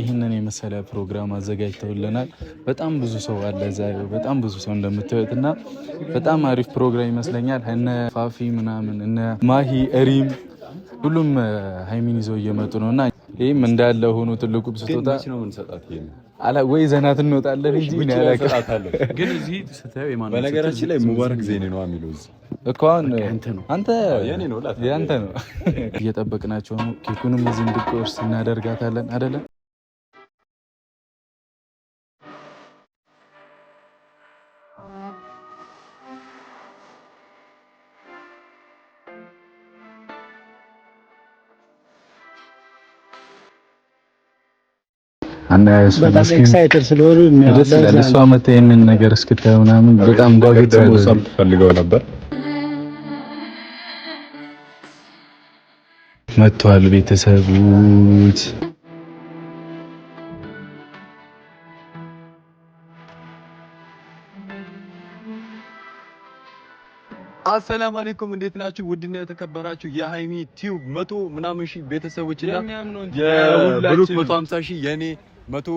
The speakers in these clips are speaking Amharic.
ይህንን የመሰለ ፕሮግራም አዘጋጅተውልናል። በጣም ብዙ ሰው አለ እዛ፣ በጣም ብዙ ሰው እንደምታዩት እና በጣም አሪፍ ፕሮግራም ይመስለኛል። እነ ፋፊ ምናምን እነ ማሂ እሪም ሁሉም ሀይሚን ይዘው እየመጡ ነው እና ይህም እንዳለ ሆኖ ትልቁ ስጦታ ወይ ዘናት እንወጣለን እንጂ በነገራችን ላይ ሙባረክ ዜኔ ነው የሚለው እኮ አንተ ነው እየጠበቅናቸው ነው። ኬኩንም እዚህ እንድቆርስ እናደርጋታለን አደለም በጣም ነገር እስክታይ ምናምን በጣም ፈልገው ነበር። መጥቷል ቤተሰቡት አሰላም አለይኩም እንዴት ናችሁ? ውድና የተከበራችሁ የሃይሚ ቲዩብ መቶ ምናምን ሺህ ቤተሰቦችና የብሩክ መቶ ሀምሳ ሺህ የኔ መቶ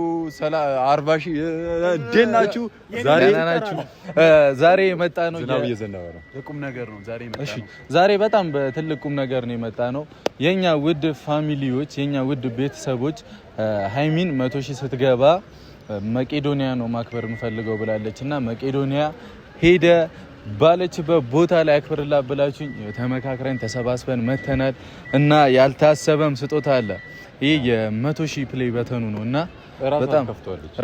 አርባ ሺህ ናችሁ? ዛሬ የመጣ ነው ቁም ነገር ነው። ዛሬ በጣም ትልቅ ቁም ነገር ነው የመጣ ነው። የእኛ ውድ ፋሚሊዎች፣ የእኛ ውድ ቤተሰቦች ሀይሚን መቶ ሺ ስትገባ መቄዶኒያ ነው ማክበር የምፈልገው ብላለች እና መቄዶኒያ ሄደ ባለችበት ቦታ ላይ አክብርላ ብላችሁኝ ተመካክረን ተሰባስበን መተናል እና ያልታሰበም ስጦታ አለ። ይህ የመቶ ሺህ ፕሌይ በተኑ ነው እና በጣም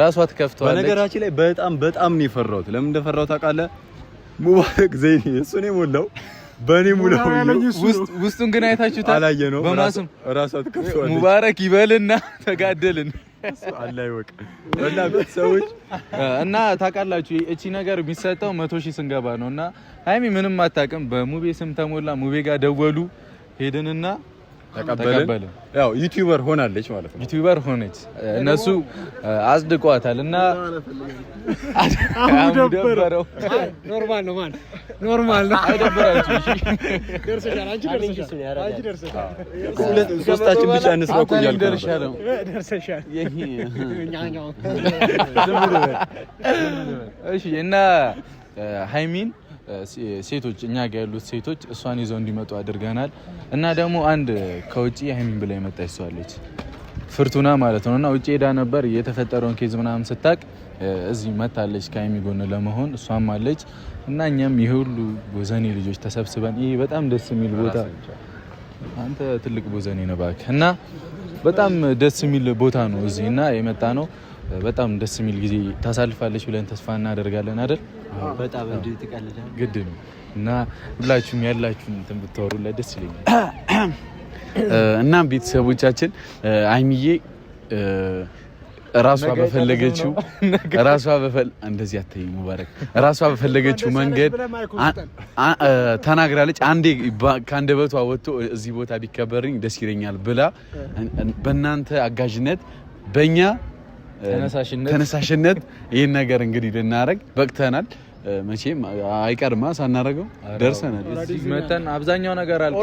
ራሷ ትከፍተዋለች። በነገራችን ላይ በጣም በጣም ነው የፈራሁት። ለምን እንደፈራሁ ታውቃለህ? ሙባረክ ዘይኔ እሱ ነው የሞላው በእኔ ሙላው ውስጥ ውስጡን ግን አይታችሁታል? አላየ ነው በማስም ራሷ ትከፍተዋለች። ሙባረክ ይበልና ተጋደልን አላይወቅ እና ቤተሰቦች እና ታውቃላችሁ እቺ ነገር የሚሰጠው መቶ ሺህ ስንገባ ነው። እና ሀይሚ ምንም አታውቅም። በሙቤ ስም ተሞላ። ሙቤ ጋር ደወሉ ሄድንና ተቀበልን። ያው ዩቲዩበር ሆናለች ማለት ነው። ዩቲዩበር ሆነች፣ እነሱ አጽድቋታል እና ደበረው። ኖርማል ነው ማለት ኖርማል ነው። ሶስታችን ብቻ እና ሀይሚን ሴቶች እኛ ጋር ያሉት ሴቶች እሷን ይዘው እንዲመጡ አድርገናል። እና ደግሞ አንድ ከውጭ ሀይሚን ብላ የመጣች ሰው አለች ፍርቱና ማለት ነው። እና ውጭ ሄዳ ነበር የተፈጠረውን ኬዝ ምናምን ስታቅ እዚህ መታለች ከሀይሚ ጎን ለመሆን እሷም አለች። እና እኛም የሁሉ ሁሉ ቦዘኔ ልጆች ተሰብስበን ይህ በጣም ደስ የሚል ቦታ አንተ ትልቅ ቦዘኔ ነህ እና በጣም ደስ የሚል ቦታ ነው እዚህ እና የመጣ ነው በጣም ደስ የሚል ጊዜ ታሳልፋለች ብለን ተስፋ እናደርጋለን አይደል? በጣም ግድ ነው እና ሁላችሁም ያላችሁን እንትን ብታወሩላት ደስ ይለኛል። እናም ቤተሰቦቻችን አይሚዬ ራሷ በፈለገችው ራሷ በፈል እንደዚህ አተይ ሙባረክ ራሷ በፈለገችው መንገድ ተናግራለች። አንዴ ከአንደበቷ ወጥቶ እዚህ ቦታ ቢከበርኝ ደስ ይለኛል ብላ በእናንተ አጋዥነት በእኛ ተነሳሽነት ይህን ነገር እንግዲህ ልናደርግ በቅተናል። መቼም አይቀርማ ሳናደርገው ደርሰናል። መተን አብዛኛው ነገር አልቆ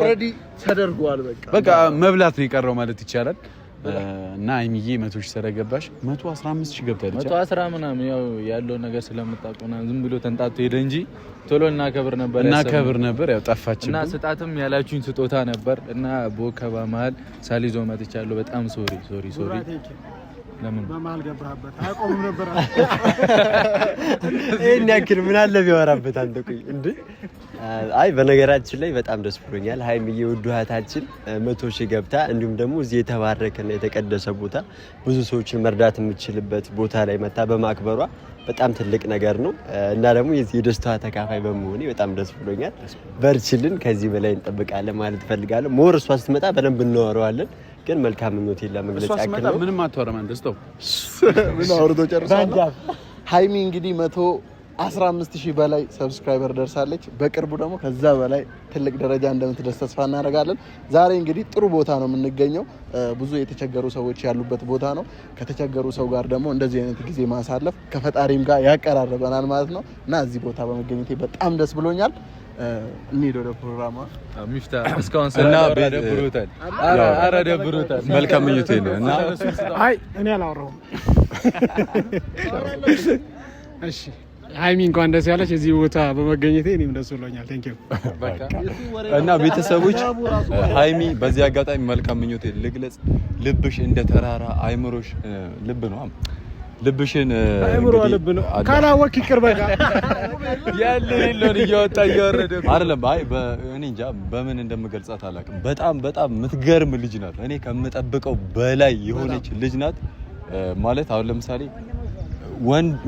ተደርጓል። በቃ መብላት ነው የቀረው ማለት ይቻላል። እና አይሚዬ መቶ ሺህ ስለገባሽ መቶ አስራ አምስት ሺህ ገብታለች። መቶ አስራ ምናምን ያው ያለውን ነገር ስለምታውቀውና ዝም ብሎ ተንጣቶ ሄደ እንጂ ቶሎ እናከብር ነበር እናከብር ነበር። ያው ጠፋችን እና ስጣትም ያላችሁኝ ስጦታ ነበር እና በወከባ መሀል ሳልይዞ መጥቻለሁ። በጣም ሶሪ ሶሪ ሶሪ በመሀል ገባህበት አያቆምም ነበር። ይህን ያክል ምን አለ ቢያወራበት አንተ። ቆይ እንደ አይ በነገራችን ላይ በጣም ደስ ብሎኛል። ሀይሚዬ ውድ እህታችን መቶ ሺህ ገብታ እንዲሁም ደግሞ እዚህ የተባረከና የተቀደሰ ቦታ ብዙ ሰዎችን መርዳት የምችልበት ቦታ ላይ መታ በማክበሯ በጣም ትልቅ ነገር ነው እና ደግሞ የዚህ የደስታዋ ተካፋይ በመሆኔ በጣም ደስ ብሎኛል። በርችልን፣ ከዚህ በላይ እንጠብቃለን ማለት እፈልጋለሁ። ሞር እሷ ስትመጣ በደንብ እናወራዋለን። ግን መልካም ምኞቴን ለመግለጽ ያክል ነው። ምንም አታወራም አንተ ምን አውርዶ ጨርሳለሁ። ሀይሚ እንግዲህ መቶ 15 ሺህ በላይ ሰብስክራይበር ደርሳለች። በቅርቡ ደግሞ ከዛ በላይ ትልቅ ደረጃ እንደምትደርስ ተስፋ እናደርጋለን። ዛሬ እንግዲህ ጥሩ ቦታ ነው የምንገኘው። ብዙ የተቸገሩ ሰዎች ያሉበት ቦታ ነው። ከተቸገሩ ሰው ጋር ደግሞ እንደዚህ አይነት ጊዜ ማሳለፍ ከፈጣሪም ጋር ያቀራርበናል ማለት ነው እና እዚህ ቦታ በመገኘቴ በጣም ደስ ብሎኛል። እንሂድ ወደ ፕሮግራማ ሚፍታ እስካሁን እና ደብሮታል። ኧረ ደብሮታል። መልካም ምኞቴ ነው እና አይ እኔ አላወራሁም። እሺ ሀይሚ እንኳን ደስ ያለች እዚህ ቦታ በመገኘቴ እኔም ደስ ብሎኛል። ቴንክ ዩ እና ቤተሰቦች ሀይሚ በዚህ አጋጣሚ መልካም ምኞቴ ልግለጽ። ልብሽ እንደ ተራራ አይምሮሽ ልብ ነው ልብሽን አእምሮ ልብ ነው ካላወቅ ይቅር በቃ ያለ ሌለውን እያወጣ እያወረደ አይደለም። አይ እኔ እንጃ በምን እንደምገልጻት አላውቅም። በጣም በጣም የምትገርም ልጅ ናት። እኔ ከምጠብቀው በላይ የሆነች ልጅ ናት። ማለት አሁን ለምሳሌ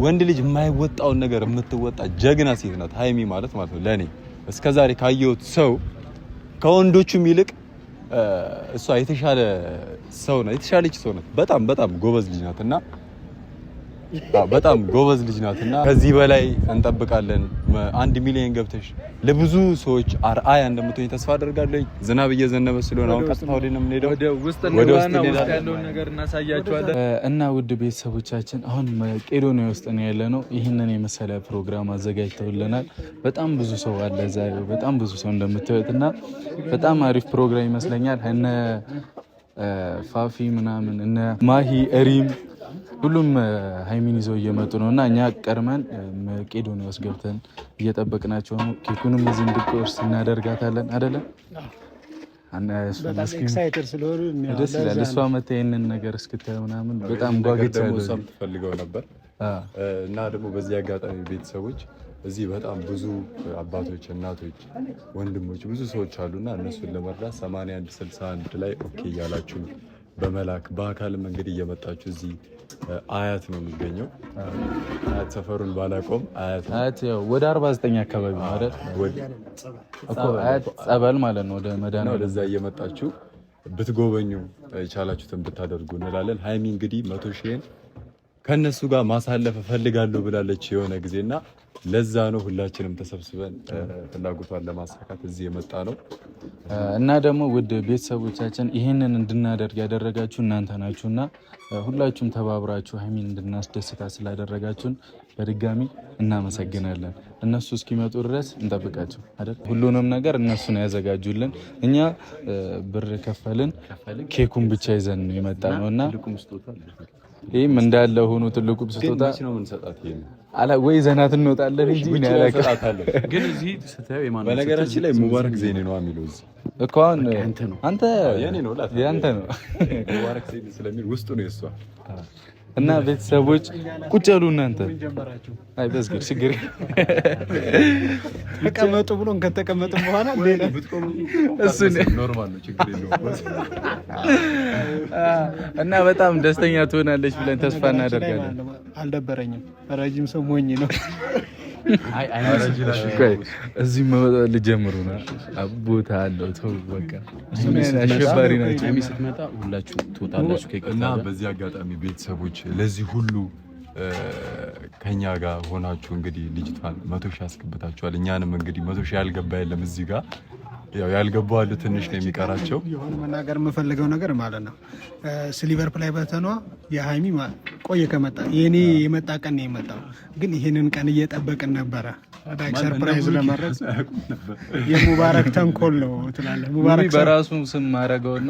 ወንድ ልጅ የማይወጣውን ነገር የምትወጣ ጀግና ሴት ናት ሀይሚ ማለት ማለት ነው። ለእኔ እስከዛሬ ካየሁት ሰው ከወንዶቹም ይልቅ እሷ የተሻለ ሰው ናት። የተሻለች ሰው ናት። በጣም በጣም ጎበዝ ልጅ ናት እና በጣም ጎበዝ ልጅ ናት እና ከዚህ በላይ እንጠብቃለን። አንድ ሚሊዮን ገብተሽ ለብዙ ሰዎች አርአያ እንደምትሆኝ ተስፋ አደርጋለሁ። ዝናብ እየዘነበ ስለሆነ አሁን ቀጥታ ወደ ነው ወደ ውስጥ ያለውን ነገር እናሳያቸዋለን። እና ውድ ቤተሰቦቻችን አሁን መቄዶንያ ውስጥ ነው ያለ ነው። ይህንን የመሰለ ፕሮግራም አዘጋጅተውልናል። በጣም ብዙ ሰው አለ እዛ፣ በጣም ብዙ ሰው እንደምታዩት እና በጣም አሪፍ ፕሮግራም ይመስለኛል። እነ ፋፊ ምናምን እነ ማሂ እሪም ሁሉም ሀይሚን ይዘው እየመጡ ነው እና እኛ ቀድመን መቄዶንያ ውስጥ ገብተን እየጠበቅናቸው ነው። ኬኩንም እዚህ እንድቆርስ እናደርጋታለን አይደለም። ደስ እሷ መታ ይህንን ነገር እስክታይ ምናምን በጣም ጓገጫ ትፈልገው ነበር እና ደግሞ በዚህ አጋጣሚ ቤተሰቦች እዚህ በጣም ብዙ አባቶች፣ እናቶች፣ ወንድሞች ብዙ ሰዎች አሉና እነሱን ለመርዳት 8161 ላይ ኦኬ እያላችሁ በመላክ በአካል መንገድ እየመጣችሁ እዚህ አያት ነው የሚገኘው። አያት ሰፈሩን ባላቆም አያት ወደ 49 አካባቢ አያት ጸበል ማለት ነው። ወደ መዳና ወደዛ እየመጣችሁ ብትጎበኙ የቻላችሁትን ብታደርጉ እንላለን። ሀይሚ እንግዲህ መቶ ሺህን ከእነሱ ጋር ማሳለፍ እፈልጋለሁ ብላለች የሆነ ጊዜና ለዛ ነው ሁላችንም ተሰብስበን ፍላጎቷን ለማሳካት እዚህ የመጣ ነው እና ደግሞ ውድ ቤተሰቦቻችን ይህንን እንድናደርግ ያደረጋችሁ እናንተ እና ሁላችሁም ተባብራችሁ ሀይሚን እንድናስደስታ ስላደረጋችሁን በድጋሚ እናመሰግናለን። እነሱ እስኪመጡ ድረስ እንጠብቃቸው አይደል? ሁሉንም ነገር እነሱ ነው ያዘጋጁልን። እኛ ብር ከፈልን፣ ኬኩን ብቻ ይዘን ነው የመጣ ነው እና ይህም እንዳለ ሆኖ ትልቁ ስጦታ ወይ ዘናት እንወጣለን እንጂ ግን እዚህ በነገራችን ላይ ሙባረክ ዜኔ ነው የሚለው እኮ አሁን አንተ ነው ነው ሙባረክ ዜኔ ስለሚል ውስጡ ነው የእሷ እና ቤተሰቦች ቁጭ ያሉ እናንተ አይ በዝግር ችግር ተቀመጡ ብሎ ከተቀመጡ በኋላ እና በጣም ደስተኛ ትሆናለች ብለን ተስፋ እናደርጋለን። አልደበረኝም። ረጅም ሰው ሞኝ ነው። እዚህ ልጀምሩ ቦታ አለው በቃ አሸባሪ ናቸው። ስትመጣ ሁላችሁ ትወጣላችሁ እና በዚህ አጋጣሚ ቤተሰቦች ለዚህ ሁሉ ከኛ ጋር ሆናችሁ እንግዲህ ልጅቷን መቶ ሺህ አስገብታችኋል። እኛንም እንግዲህ መቶ ሺህ ያልገባ የለም እዚህ ጋር ያው ያልገቡ አሉ ትንሽ ነው የሚቀራቸው። የሆነ መናገር የምፈልገው ነገር ማለት ነው ስሊቨር ፕላይ በተኗ የሀይሚ ቆየ ከመጣ የኔ የመጣ ቀን ነው የመጣው፣ ግን ይህንን ቀን እየጠበቅን ነበረ ሰርፕራይዝ ለማድረግ የሙባረክ ተንኮል ነው ትላለህ። ሙባረክ በራሱ ስም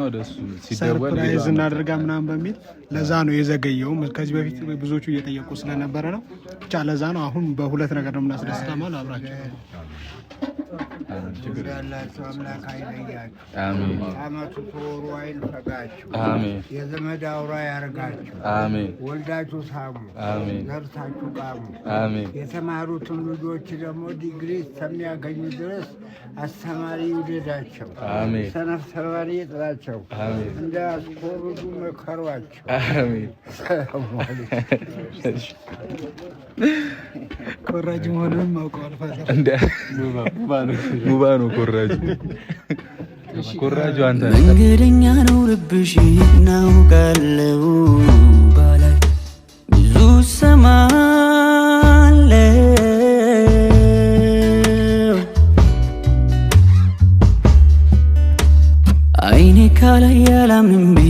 ነው ደሱ ሰርፕራይዝ እናደርጋ ምናምን በሚል ለዛ ነው የዘገየውም። ከዚህ በፊት ብዙዎቹ እየጠየቁ ስለነበረ ነው። ብቻ ለዛ ነው። አሁን በሁለት ነገር ነው የምናስደስተማል። አብራቸው ያላቸው አምላክ አይለያችሁ፣ አመቱ ተወሩ አይንፈጋችሁ፣ የዘመድ አውራ ያርጋችሁ። ወልዳችሁ ሳሙ፣ ዘርታችሁ ቃሙ፣ የተማሩትን ልጆች ደግሞ ዲግሪ እስከሚያገኙ ድረስ አስተማሪ ይውደዳቸው፣ ሰነፍ ተማሪ ይጥላቸው፣ እንደ አስኮርዱ መከሯቸው። ኮራጅ መሆኑንም አውቀዋል። ሙባ ነው ኮራጅ ኮራጁ አንተ መንገደኛ ነው ልብሽ እናውቃለው ባላይ ብዙ ሰማ i me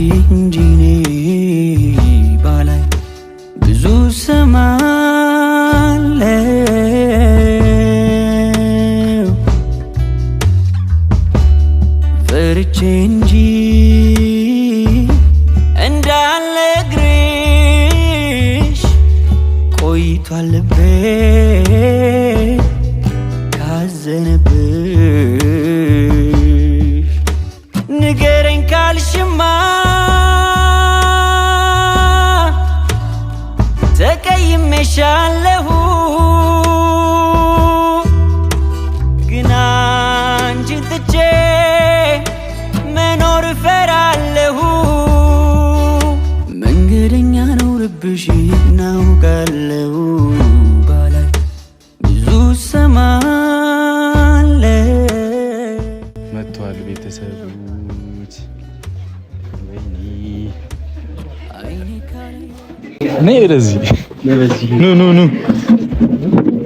ትቻለሁ ግን አንቺን ትቼ መኖር እፈራለሁ። መንገደኛ ነው ልብሽ እናውቃለሁ ባላይ ብዙ ሰማለ መጥቷል ቤተሰቦች እኔ ወደዚህ ኑ ኑ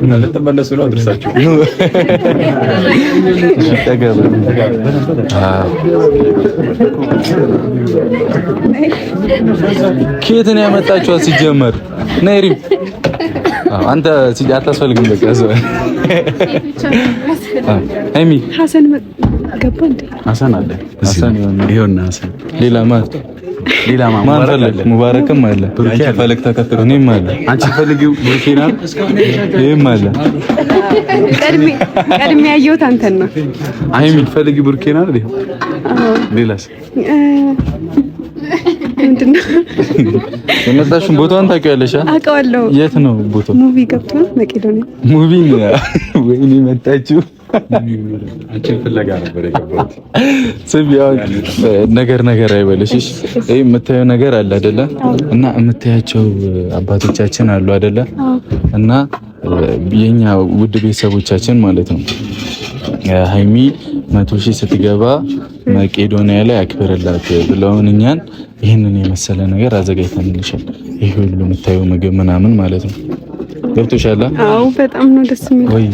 ኑ ልትመለሱ ነው። አድርሳችሁ ኬት ነው ያመጣችኋት? ሲጀመር ነይሪ፣ አንተ አታስፈልግም። በቃ ሀሰን ገባ። ሀሰን አለ ሌላ ማለት ነው ሌላ ሙባረክም አለ ፈለግ ተከትሎ እኔም አለ አንቺ ፈልጊው ብሩኬና ይህም አለ ቀድሜ ያየሁት አንተን ነው። አይ ሚል ፈልጊው ብሩኬና ሌላስ የመጣሽን ቦታውን ታውቂያለሽ? አውቀዋለሁ። የት ነው ቦታው? ሙቪ ገብቷል። መቄዶንያ ሙቪ ወይኔ መጣችሁ አንቺን ፍለጋ ነበር የገባሁት። ስሚ ነገር ነገር አይበለሽ። ይሄ የምታየው ነገር አለ አይደለ? እና የምታያቸው አባቶቻችን አሉ አይደለ? እና የኛ ውድ ቤተሰቦቻችን ማለት ነው ሀይሚ መቶ ሺህ ስትገባ መቄዶኒያ ላይ አክብርላት ብለውን እኛን ይህንን የመሰለ ነገር አዘጋጅተንልሻል። ይህ ሁሉ የምታየው ምግብ ምናምን ማለት ነው ገብቶሻል። በጣም ነው ደስ የሚል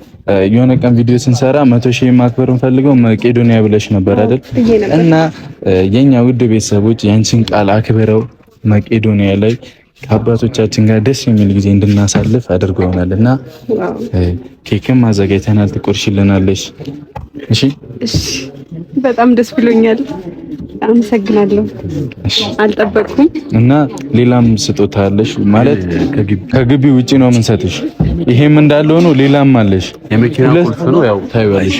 የሆነ ቀን ቪዲዮ ስንሰራ መቶ ሺህ ማክበር እንፈልገው መቄዶንያ ብለሽ ነበር አይደል? እና የኛ ውድ ቤተሰቦች ያንቺን ቃል አክብረው መቄዶንያ ላይ ከአባቶቻችን ጋር ደስ የሚል ጊዜ እንድናሳልፍ አድርገውናል እና ኬክም አዘጋጅተናል፣ ትቆርሽልናለሽ። እሺ፣ በጣም ደስ ብሎኛል። አመሰግናለሁ። አልጠበቅኩም። እና ሌላም ስጦታ አለሽ ማለት ከግቢ ውጪ ነው የምንሰጥሽ ይሄም እንዳለ ሆኖ ሌላም አለሽ። የመኪና ቁልፍ ነው ያው ታይዋለሽ።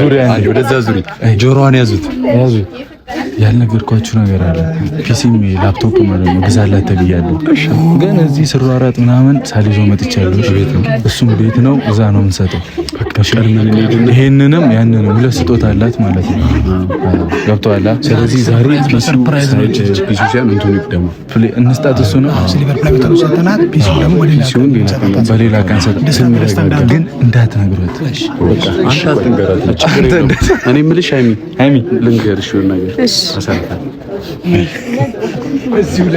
ዙሪያ ነው ወደዛ ዙሪ ጆሮዋን ያዙት ያዙት። ያልነገርኳችሁ ነገር አለ። ፒሲም ላፕቶፕ ማለት ነው ግዛላት ተብያለሁ፣ ግን እዚህ ስሯራጥ ምናምን ሳልይዞ መጥቻለሁ። ቤት ነው እሱም ቤት ነው እዛ ነው የምንሰጠው ይሄንንም ያንንም ሁለት ስጦታ አላት ማለት ነው። ገብቶሃል። ስለዚህ ዛሬ እንስጣት። እሱ ነው በሌላ ቀን ግን እንዳትነግሯት። እኔ የምልሽ ሀይሚ ሀይሚ ልንገርሽ ነገር እዚሁ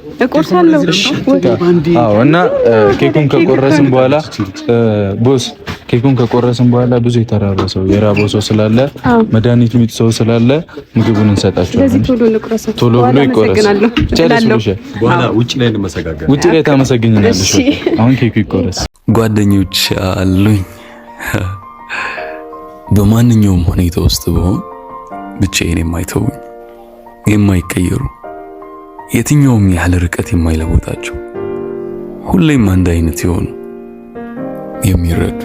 እቆርሳለሁ እና ኬኩን ከቆረስን በኋላ ቦስ ኬኩን ከቆረስን በኋላ ብዙ የተራበ ሰው ሰው ስላለ መድኃኒት የሚጥ ሰው ስላለ ምግቡን እንሰጣቸዋለን። ቶሎ ብሎ ይቆረስ። ውጭ ላይ ታመሰግኝናለሽ። አሁን ኬኩ ይቆረስ። ጓደኞች አሉኝ። በማንኛውም ሁኔታ ውስጥ በሆን ብቻዬን የማይተውኝ የማይቀየሩ የትኛውም ያህል ርቀት የማይለውጣቸው ሁሌም አንድ አይነት የሆኑ የሚረዱ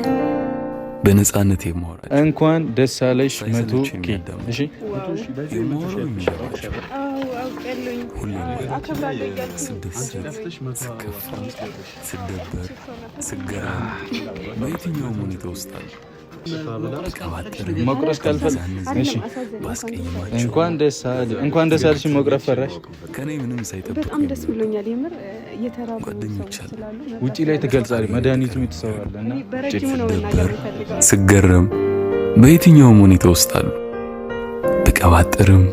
በነፃነት የማወራ እንኳን ደስ አለሽ መቶ ኬ ስደበር ስገራ በየትኛውም ሁኔታ ውስጥ አለ መቁረስ ካልፈለግሽ እንኳን ደስ አለሽ፣ ፈራሽ? በጣም ደስ ብሎኛል። ውጪ ላይ ትገልጻለች። መድኃኒቱም የተሰዋለ እና በየትኛውም ሁኔታ ውስጥ አሉ። ብቀባጥርም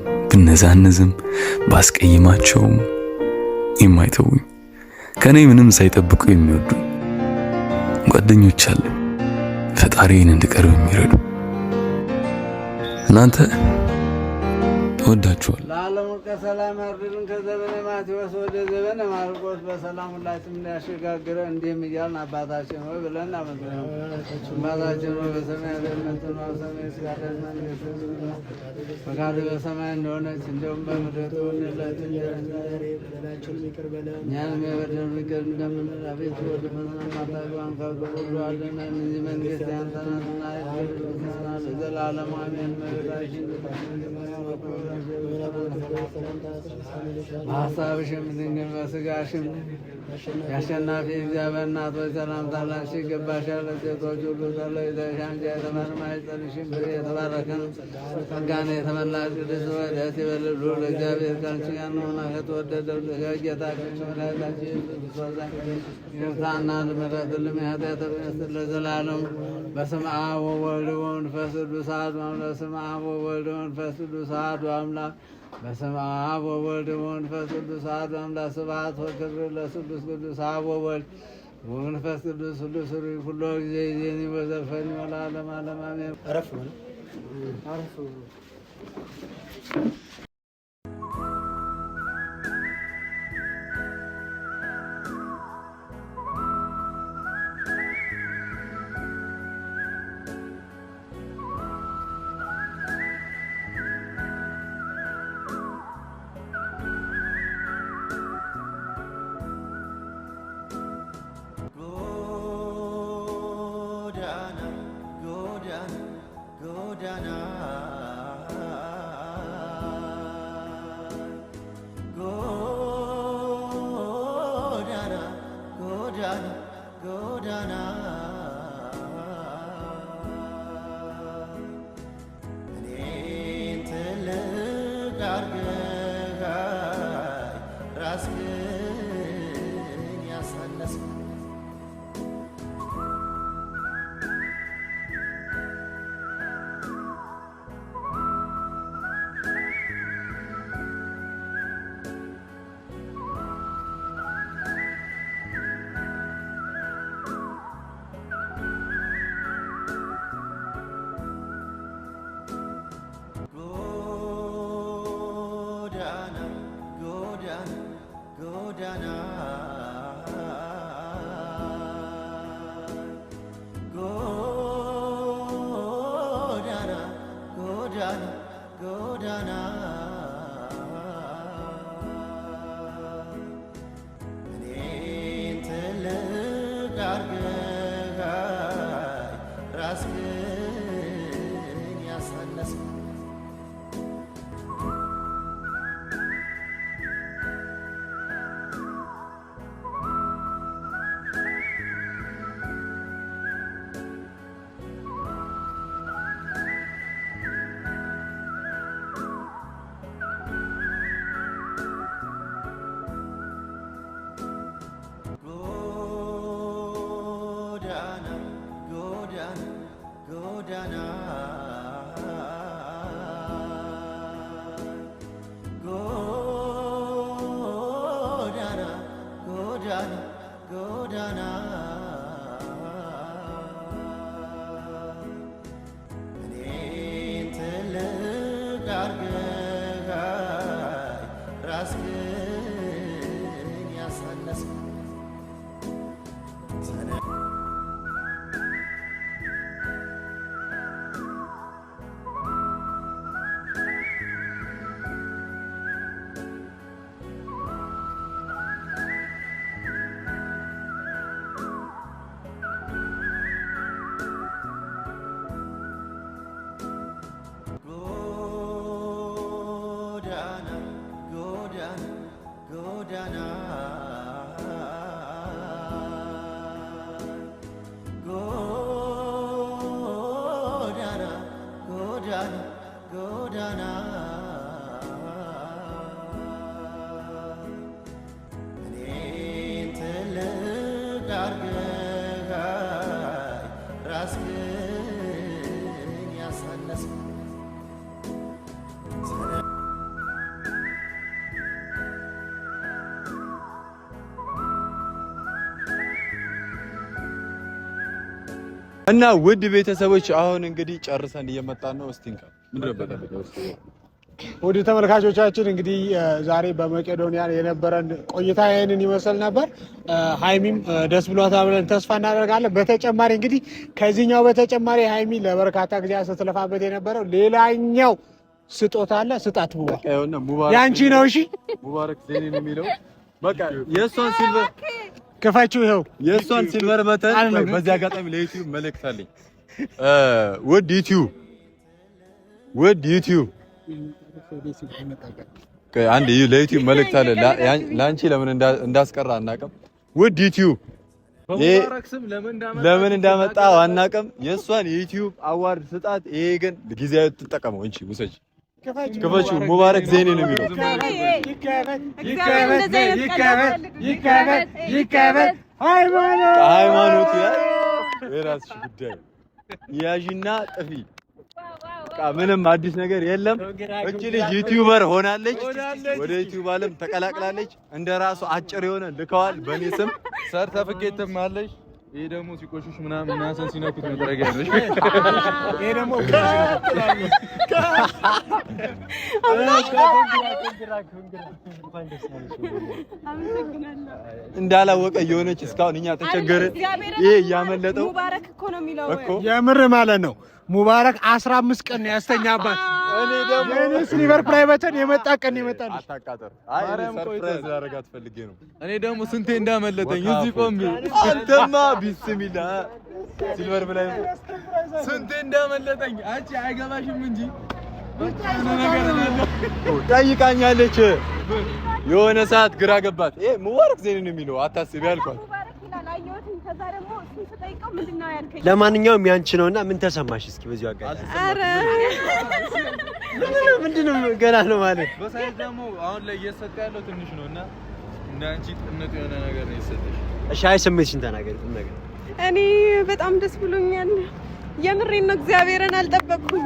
ባስቀይማቸውም የማይተውኝ ምንም ሳይጠብቁ ጓደኞች ፈጣሪን እንድቀርብ የሚረዱ እናንተ ወዳችኋል። ለዓለሙ ከሰላም ያርድልን ከዘበነ ማቴዎስ ወደ ዘበነ ማርቆስ በሰላም ሁላችን እንዳያሸጋግረ እንዲህም እያልን አባታችን ሆይ ብለን አመስግነ አባታችን ሆይ በሰማይ ለምትኖ ሰማይ ስጋደመን ፈቃድ በሰማይ እንደሆነች እንዲሁም በምድር ትሁንላችን እኛንም የበደሉንን ይቅር እንደምንል አቤቱ ወደ ፈተና አታግባን ከክፉ ሁሉ አድነን እንጂ መንግሥት ያንተ ናትና ዘለዓለሙ አሜን። እመቤታችን Masa abişim dinlemesi karşım. የአሸናፊ እግዚአብሔር እናቶች ሰላምታ ላንቺ ይገባሻል። ሴቶች ሁሉ ተለይተሽ አንቺ የተመርማሽ ጸንሽን ፍሬ የተባረከ ነው። ጸጋን የተመላሽ ቅድስት ሆይ ደስ ይበልሽ፣ ልዑል ከአንቺ ጋር ነውና ጌታችን በስመ አብ ወወልድ ወመንፈስ ቅዱስ አሐዱ አምላክ በስመ አብ ወወልድ ወመንፈስ ቅዱስ አሐዱ አምላክ ስብሐት ወክብር ለስሉስ ቅዱስ አብ ወወልድ ወመንፈስ ቅዱስ ሁሉ ስሩ ሁሉ ጊዜ ዜኒ ወዘፈኒ ወለዓለመ ዓለም አሜን። godana موعدنا godana, godana. Godana, Godana, Godana እና ውድ ቤተሰቦች አሁን እንግዲህ ጨርሰን እየመጣን ነው። እስቲ ውድ ተመልካቾቻችን እንግዲህ ዛሬ በመቄዶንያ የነበረን ቆይታ ይህንን ይመስል ነበር። ሀይሚም ደስ ብሏታ ብለን ተስፋ እናደርጋለን። በተጨማሪ እንግዲህ ከዚህኛው በተጨማሪ ሀይሚ ለበርካታ ጊዜ ስትለፋበት የነበረው ሌላኛው ስጦታ አለ። ስጣት ቡ ያንቺ ነው። እሺ ሙባረክ ዜኔ ነው የሚለው በቃ የእሷን ሲልቨር ከፋችሁ ይኸው የእሷን ሲልቨር በተን። በዚህ አጋጣሚ ለዩቲዩብ መልእክት አለኝ። ውድ ዩቲዩብ ውድ ዩቲዩብ አንድ ለዩቲዩብ መልእክት አለ ለአንቺ ለምን እንዳስቀራ አናውቅም። ውድ ዩቲዩብ ለምን እንዳመጣ አናውቅም። የእሷን የዩቲዩብ አዋርድ ስጣት። ይሄ ግን ጊዜያዊ ትጠቀመው እንቺ ውሰጅ ክፈች ሙባረክ ዘይኔ ነው የሚለው። ይከበት ሃይማኖት የራስሽ ጉዳይ ያዥና ጥፊ። ምንም አዲስ ነገር የለም። እቺ ልጅ ዩቲዩበር ሆናለች፣ ወደ ዩቲዩብ አለም ተቀላቅላለች። እንደ ራሱ አጭር የሆነ ልከዋል። በእኔ ስም ሰርተፍኬትም አለች። ይሄ ደግሞ ሲቆሽሽ ምናምን ምናምን ሲነኩት መጠረጊያ ያለች ይሄ ደግሞ እንዳላወቀ የሆነች እስካሁን እኛ ተቸገረ። ይሄ እያመለጠው ሙባረክ እኮ ነው የሚለው እኮ የምር ማለት ነው። ሙባረክ 15 ቀን ያስተኛባት ስሊቨር ፕራይቬትን የመጣ ቀን የመጣ ነው። እኔ ደግሞ ስንቴ እንዳመለጠኝ እዚህ ቆም አንተማ ቢስሚላ ሲልቨር ፕራይቬት ስንቴ እንዳመለጠኝ አንቺ አይገባሽም እንጂ ጠይቃኛለች። የሆነ ሰዓት ግራ ገባት። ይሄ ሙባረክ ዘይን ነው የሚለው አታስብ ያልኳት። ለማንኛውም ያንቺ ነውና ምን ተሰማሽ? እስኪ በዚሁ አጋጣሚ ኧረ ምንድን ነው ገና ነው ማለት በሳይዝ ደግሞ አሁን ላይ እየሰጠ ያለው ትንሽ ነውና እንዳንቺ ጥነት የሆነ ነገር ነው የሰጠሽ። እሺ፣ አይ ስሜትሽን ተናገሪ ቁም ነገር። እኔ በጣም ደስ ብሎኛል። የምሬን ነው። እግዚአብሔርን አልጠበቅኩም።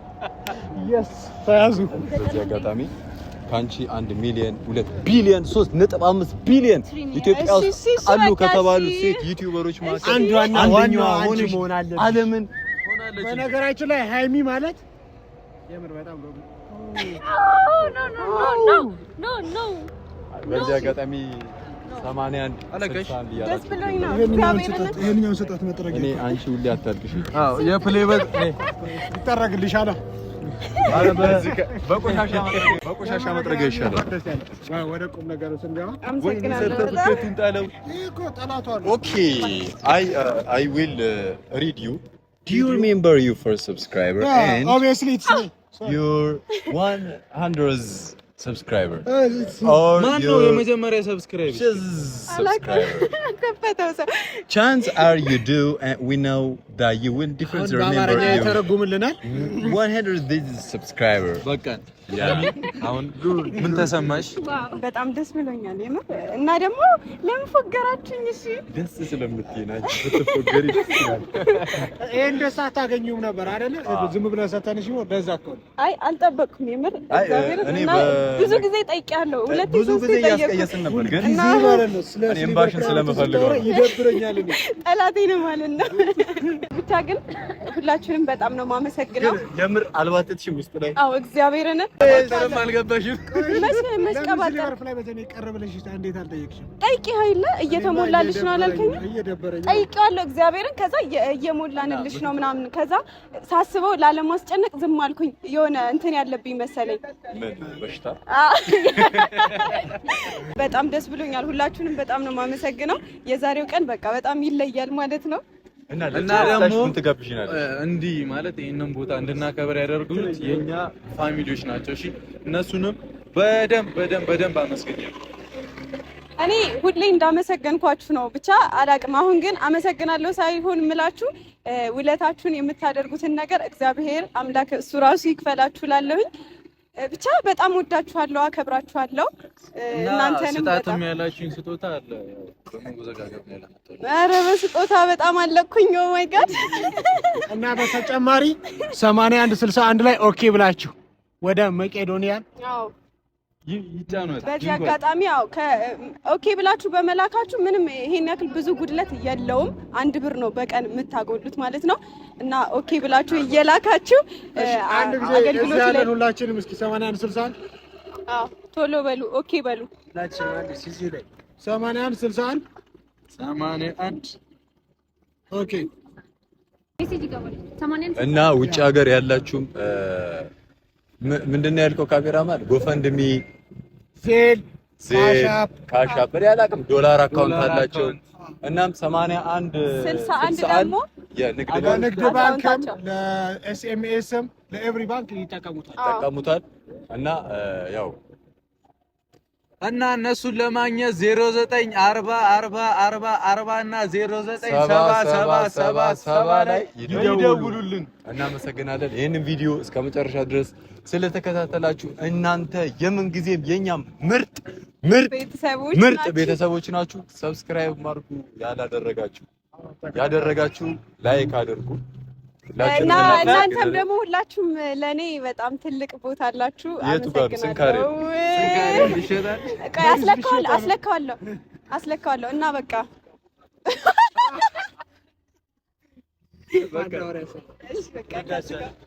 ተያዙ። በዚህ አጋጣሚ ከአንቺ አንድ ሚሊዮን ሁለት ቢሊዮን ሶስት ነጥብ አምስት ቢሊዮን ኢትዮጵያ ውስጥ አሉ ከተባሉ ሴት ዩቲዩበሮች መካከል አንደኛዋ ሆነሽ ዓለምን በነገራችን ላይ ሃይሚ ማለት የምር በጣም oh, በዚህ አጋጣሚ ይሄኛውን ሰጣት መጠረግ እኔ አንቺ ሁሌ አታድግሽ። አዎ ዩ ዱ ሰብስክራይበር ዩር ዋን ሀንድረድ ሰብስክራይበር ማን ነው? የመጀመሪያ ሰብስክራይበር ቻንስ አር ዩ ዱ ዊ ነው ዩ ዊል ዲፍረንስ ሪሜምበር ዩ ተረጉምልናል 100 ሰብስክራይበር በቃ አሁን ምን ተሰማሽ? በጣም ደስ ብሎኛል የምር እና ደግሞ ለምን ፎገራችሁኝ? እሺ ደስ ስለምትይ ናችሁ። ስትፎገሪ ይሄን ደስታ አታገኙም ነበር አይደለ? ዝም ብለህ ሰተንሽ ነው። በዛ እኮ አይ አልጠበቅኩም የምር እና ብዙ ጊዜ ጠይቄያለሁ። ሁለት ብዙ ጊዜ እያስቀየስን ነበር፣ ግን እኔም ባሽን ስለምፈልገው ይደብረኛል። ጠላቴ ነው ማለት ነው። ብቻ ግን ሁላችሁንም በጣም ነው የማመሰግነው የምር አልባተትሽም ውስጥ ላይ አዎ እግዚአብሔርን አልገባሽም። ጠይቄው እየተሞላልሽ ነው አላልከኝም? ጠይቄዋለሁ እግዚአብሔርን። ከዛ እየሞላንልሽ ነው ምናምን። ከዛ ሳስበው ላለማስጨነቅ ዝም አልኩኝ። የሆነ እንትን ያለብኝ መሰለኝ። በጣም ደስ ብሎኛል። ሁላችሁንም በጣም ነው የማመሰግነው። የዛሬው ቀን በቃ በጣም ይለያል ማለት ነው። እና ደግሞ እንዲህ ማለት ይህንን ቦታ እንድናከበር ያደርጉት የእኛ ፋሚሊዎች ናቸው። እሺ እነሱንም በደንብ በደንብ በደንብ አመስገኛል። እኔ ሁሌ እንዳመሰገንኳችሁ ነው ብቻ አላቅም። አሁን ግን አመሰግናለሁ ሳይሆን ምላችሁ ውለታችሁን የምታደርጉትን ነገር እግዚአብሔር አምላክ እሱ ራሱ ይክፈላችሁ ላለሁኝ ብቻ በጣም ወዳችኋለሁ፣ አከብራችኋለሁ። እናንተንም ስጣትም ያላችሁኝ ስጦታ አለ። ኧረ በስጦታ በጣም አለኩኝ። ኦ ማይ ጋድ እና በተጨማሪ 81 61 ላይ ኦኬ ብላችሁ ወደ መቄዶንያ በዚህ አጋጣሚ ያው ኦኬ ብላችሁ በመላካችሁ ምንም ይሄን ያክል ብዙ ጉድለት የለውም። አንድ ብር ነው በቀን የምታጎሉት ማለት ነው። እና ኦኬ ብላችሁ እየላካችሁ አገልግሎት ላይ ሁላችንም እስኪ ሰማንያ አንድ ስልሳ አንድ ቶሎ በሉ ኦኬ በሉ ሰማንያ አንድ ስልሳ አንድ ሰማንያ አንድ ኦኬ እና ውጭ ሀገር ያላችሁም ምንድን ነው ያልከው? ካሜራማን ጎፈንድሚ ሴል ካሻፕ ካሻፕ አላውቅም፣ ዶላር አካውንት አላቸው። እናም 81 61 ደግሞ የንግድ ባንክም ለኤስኤምኤስም ለኤቭሪ ባንክ ይጠቀሙታል ይጠቀሙታል እና ያው እና እነሱን ለማግኘት 09 40 40 40 40 እና 09 70 70 70 ላይ ይደውሉልን። እናመሰግናለን። ይህንን ቪዲዮ እስከ መጨረሻ ድረስ ስለተከታተላችሁ እናንተ የምን ጊዜም የኛም ምርጥ ምርጥ ምርጥ ቤተሰቦች ናችሁ። ሰብስክራይብ ማርኩ፣ ያላደረጋችሁ ያደረጋችሁ ላይክ አድርጉ። እና እናንተም ደግሞ ሁላችሁም ለእኔ በጣም ትልቅ ቦታ አላችሁ። አመሰግናለሁ። አስለካዋለሁ እና በቃ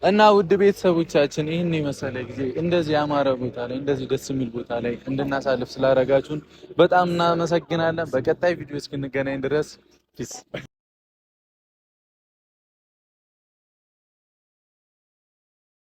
እና ውድ ቤተሰቦቻችን ይህን የመሰለ ጊዜ እንደዚህ ያማረ ቦታ ላይ እንደዚህ ደስ የሚል ቦታ ላይ እንድናሳልፍ ስላደረጋችሁን በጣም እናመሰግናለን። በቀጣይ ቪዲዮ እስክንገናኝ ድረስ ፒስ